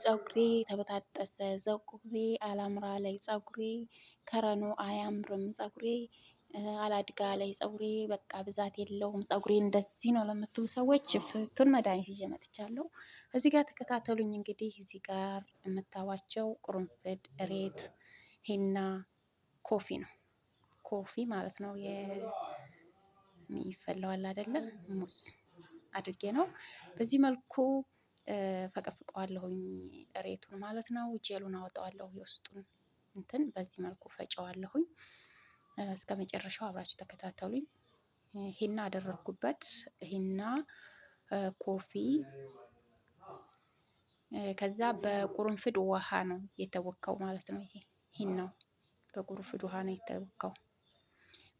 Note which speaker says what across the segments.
Speaker 1: ፀጉሬ ተበጣጠሰ፣ ፀጉሬ አላምራ ላይ ፀጉሬ ከረኑ አያምርም፣ ፀጉሬ አላድጋ ላይ ፀጉሬ በቃ ብዛት የለውም፣ ፀጉሬ እንደዚህ ነው ለምትሉ ሰዎች ፍቱን መድኃኒት ይዤ መጥቻለሁ። እዚህ ጋር ተከታተሉኝ። እንግዲህ እዚህ ጋር የምታዋቸው ቁርንፍድ፣ እሬት፣ ሄና ኮፊ ነው። ኮፊ ማለት ነው የሚፈለዋል አይደለ? ሙዝ አድርጌ ነው በዚህ መልኩ ፈቀፍቀዋለሁኝ እሬቱን ማለት ነው። ጄሉን አወጣዋለሁ የውስጡን እንትን በዚህ መልኩ ፈጨዋለሁኝ። እስከ መጨረሻው አብራችሁ ተከታተሉኝ። ሂና አደረግኩበት። ሂና ኮፊ፣ ከዛ በቁርንፍድ ውሃ ነው የተወካው ማለት ነው። ይሄ ሂናው በቁርንፍድ ውሃ ነው የተወካው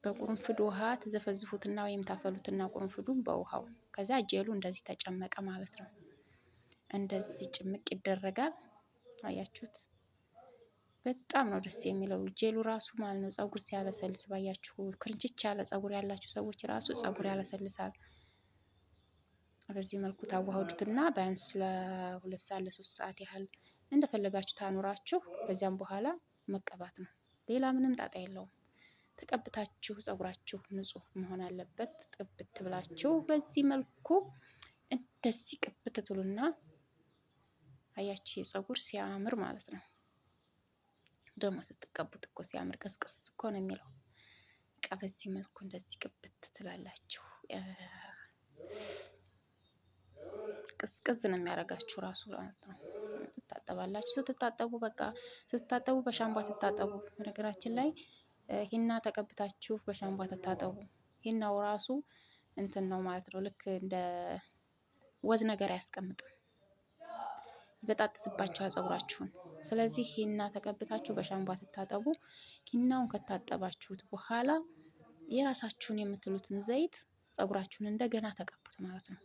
Speaker 1: በቁርንፍድ ውሃ ትዘፈዝፉትና ወይም ታፈሉትና ቁርንፍዱን በውሃው ከዛ ጄሉ እንደዚህ ተጨመቀ ማለት ነው። እንደዚህ ጭምቅ ይደረጋል። አያችሁት? በጣም ነው ደስ የሚለው ጄሉ ራሱ ማለት ነው። ጸጉር ሲያለሰልስ ባያችሁ፣ ክርንችች ያለ ጸጉር ያላችሁ ሰዎች ራሱ ጸጉር ያለሰልሳል። በዚህ መልኩ ታዋህዱትና ቢያንስ ለሁለት ሰዓት ለሶስት ሰዓት ያህል እንደፈለጋችሁ ታኑራችሁ። በዚያም በኋላ መቀባት ነው። ሌላ ምንም ጣጣ የለውም። ተቀብታችሁ ጸጉራችሁ ንጹህ መሆን አለበት። ጥብት ብላችሁ በዚህ መልኩ እንደዚህ ቅብት ትሉና አያችሁ ፀጉር ሲያምር ማለት ነው። ደግሞ ስትቀቡት እኮ ሲያምር ቀስቀስ እኮ ነው የሚለው። በቃ በዚህ መልኩ እንደዚህ ቅብት ትላላችሁ። ቅዝቅዝ ነው የሚያደርጋችሁ ራሱ ማለት ነው። ትታጠባላችሁ። ስትታጠቡ በቃ ስትታጠቡ በሻምቧ ትታጠቡ። በነገራችን ላይ ሂና ተቀብታችሁ በሻምቧ ትታጠቡ። ሂናው ራሱ እንትን ነው ማለት ነው። ልክ እንደ ወዝ ነገር አያስቀምጥም። ይበጣጥስባችኋል ጸጉራችሁን። ስለዚህ ሂና ተቀብታችሁ በሻምባ ትታጠቡ። ሂናውን ከታጠባችሁት በኋላ የራሳችሁን የምትሉትን ዘይት ጸጉራችሁን እንደገና ተቀቡት ማለት ነው።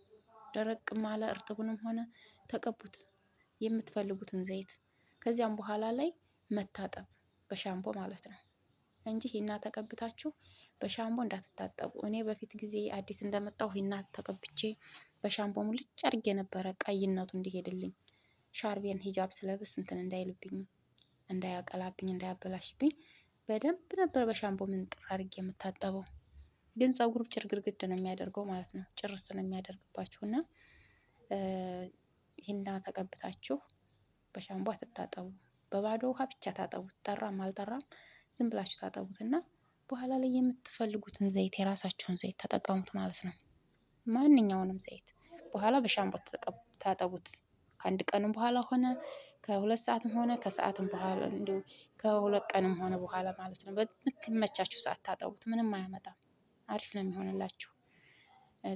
Speaker 1: ደረቅ ማለ እርጥቡንም ሆነ ተቀቡት የምትፈልጉትን ዘይት። ከዚያም በኋላ ላይ መታጠብ በሻምቦ ማለት ነው እንጂ ሂና ተቀብታችሁ በሻምቦ እንዳትታጠቡ። እኔ በፊት ጊዜ አዲስ እንደመጣው ሂና ተቀብቼ በሻምቦ ሙልጭ አድርጌ ነበረ ቀይነቱ እንዲሄድልኝ ሻርቤን ሂጃብ ስለብስ እንትን እንዳይልብኝ እንዳያቀላብኝ እንዳያበላሽብኝ በደንብ ነበር በሻምቦ ምንጥር አድርጌ የምታጠበው። ግን ፀጉር ጭርግርግድ ነው የሚያደርገው ማለት ነው። ጭርስ ነው የሚያደርግባችሁ እና ይህና ተቀብታችሁ በሻምቦ አትታጠቡ። በባዶ ውሃ ብቻ ታጠቡት። ጠራም አልጠራም ዝም ብላችሁ ታጠቡት እና በኋላ ላይ የምትፈልጉትን ዘይት የራሳችሁን ዘይት ተጠቀሙት ማለት ነው። ማንኛውንም ዘይት በኋላ በሻምቦ ታጠቡት። ከአንድ ቀንም በኋላ ሆነ ከሁለት ሰዓትም ሆነ ከሰዓትም በኋላ እንዲሁ ከሁለት ቀንም ሆነ በኋላ ማለት ነው። በምትመቻችሁ ሰዓት ታጠቡት፣ ምንም አያመጣም። አሪፍ ነው የሚሆንላችሁ።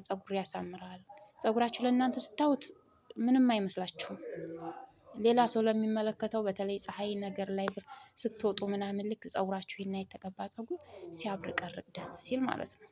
Speaker 1: ፀጉር ያሳምራል። ፀጉራችሁ ለእናንተ ስታዩት ምንም አይመስላችሁም። ሌላ ሰው ለሚመለከተው በተለይ ፀሐይ ነገር ላይ ስትወጡ ምናምን ልክ ጸጉራችሁ ይና የተቀባ ፀጉር ሲያብረቀርቅ ደስ ሲል ማለት ነው